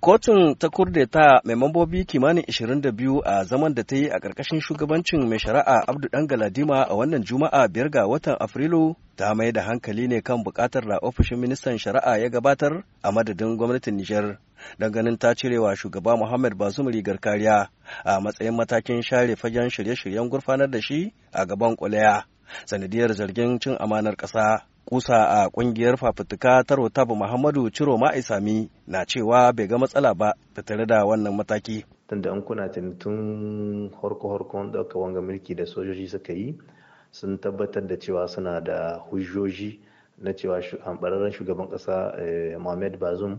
Kotun ta kurdeta mai mambobi kimanin 22 a zaman da ta yi a ƙarƙashin shugabancin mai shari'a Abdu Dan Galadima a wannan Juma'a biyar ga watan Afrilu ta mai da hankali ne kan buƙatar da ofishin ministan shari'a ya gabatar a madadin gwamnatin Nijar. Don ganin ta cirewa shugaba Muhammad Bazum rigar kariya a matsayin matakin share fagen shirye-shiryen gurfanar da shi a gaban kwalaya sanadiyar zargin cin amanar ƙasa. kusa a kungiyar fafutuka ta rotabu muhammadu ciro ma'aisami na cewa bai ga matsala ba ta tare da wannan mataki tunda an kuna tun horko-horkon ɗauka wanga mulki da sojoji suka yi sun tabbatar da cewa suna da hujjoji na cewa bararren shugaban ƙasa eh, mohamed bazoum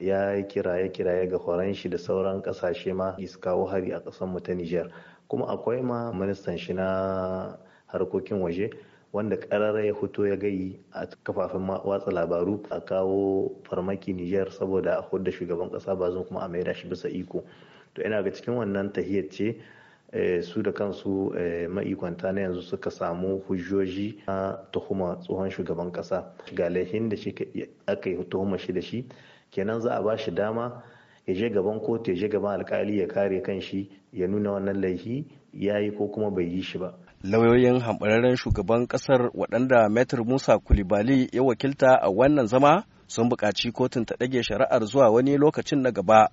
ya kiraye kiraye ga horon shi da sauran ƙasashe ma su kawo hari a ƙasar mu ta niger kuma akwai ma ministan shi na harkokin waje wanda karara ya fito ya gayi a kafafen watsa labaru a kawo farmaki Nijar saboda a hudda shugaban kasa ba zan kuma a maida shi bisa iko to ina ga cikin wannan tahiyar ce eh, su da kansu eh, ma'ikwanta na yanzu suka samu hujjoji na tuhuma tsohon shugaban kasa ga laifin da shi aka yi tuhuma shi da shi kenan za a ba shi dama ya je gaban kotu ya je gaban alkali ya kare kan shi ya nuna wannan laifi ya yi ko kuma bai yi shi ba lauyoyin hambararren shugaban kasar waɗanda metro musa kulibali ya wakilta a wannan zama sun buƙaci kotun ta ɗage shari'ar zuwa wani lokacin na gaba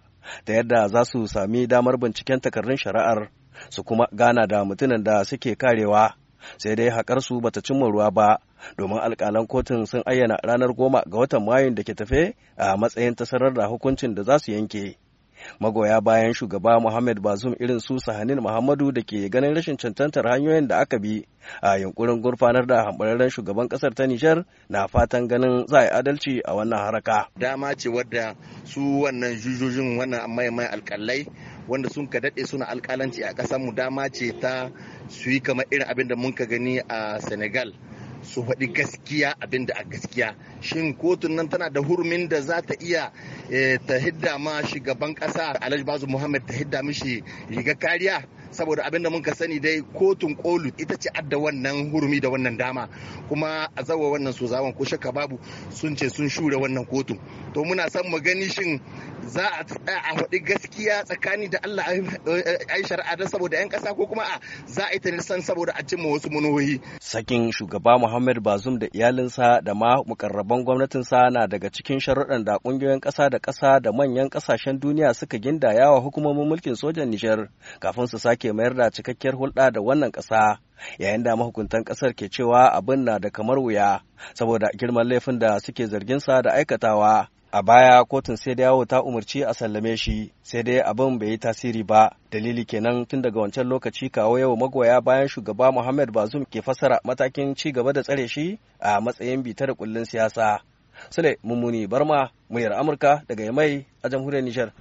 da yadda za su sami damar binciken takardun shari'ar su kuma gana da mutumin da suke karewa sai dai haƙar su bata cimma ruwa ba domin alƙalan kotun sun ayyana ranar goma ga watan mayun da ke tafe a matsayin tasarar da hukuncin da za su yanke magoya bayan shugaba Muhammad Bazum irin su Sahanin Muhammadu da ke ganin rashin cancantar hanyoyin da aka bi a yunkurin gurfanar da hambararren shugaban kasar ta Nijar na fatan ganin za a yi adalci a wannan haraka. Dama ce wadda su wannan jujujin wannan mai mai alkalai wanda sun ka daɗe suna alƙalanci a ƙasar mu dama ce ta su yi kamar irin abin da mun ka gani a Senegal su faɗi gaskiya abin da a gaskiya shin kotun nan tana da hurumin da za ta iya eh, ta hidda ma shugaban ƙasa Alhaji Bazu Muhammad ta hidda mishi riga kariya saboda abin da muka sani dai kotun kolu ita ce adda wannan hurumi da wannan dama kuma a zawa wannan su zawon ko shakka babu sun ce sun shura wannan kotun to muna san mu gani shin za a tsaya a faɗi gaskiya tsakani da Allah eh, eh, a yi shari'a don saboda 'yan kasa ko kuma a za a yi ta nisan saboda a cimma wasu manohi. Sakin shugaba Muhammad Bazum da iyalinsa da ma mukarraban gwamnatinsa na daga cikin sharuɗan da ƙungiyoyin ƙasa da ƙasa da manyan ƙasashen duniya suka gindaya wa hukumomin mulkin sojan Nijar kafin su sake ke mayar da cikakkiyar hulɗa da wannan ƙasa yayin da mahukuntan ƙasar ke cewa abin na da kamar wuya saboda girman laifin da suke zargin sa da aikatawa a baya kotun sai dai yawo ta umarci a sallame shi sai dai abin bai yi tasiri ba dalili kenan tun daga wancan lokaci kawo yau magoya bayan shugaba muhammad bazum ke fasara matakin ci gaba da tsare shi a matsayin bitar kullun siyasa sule mummuni barma muryar amurka daga mai a jamhuriyar nijar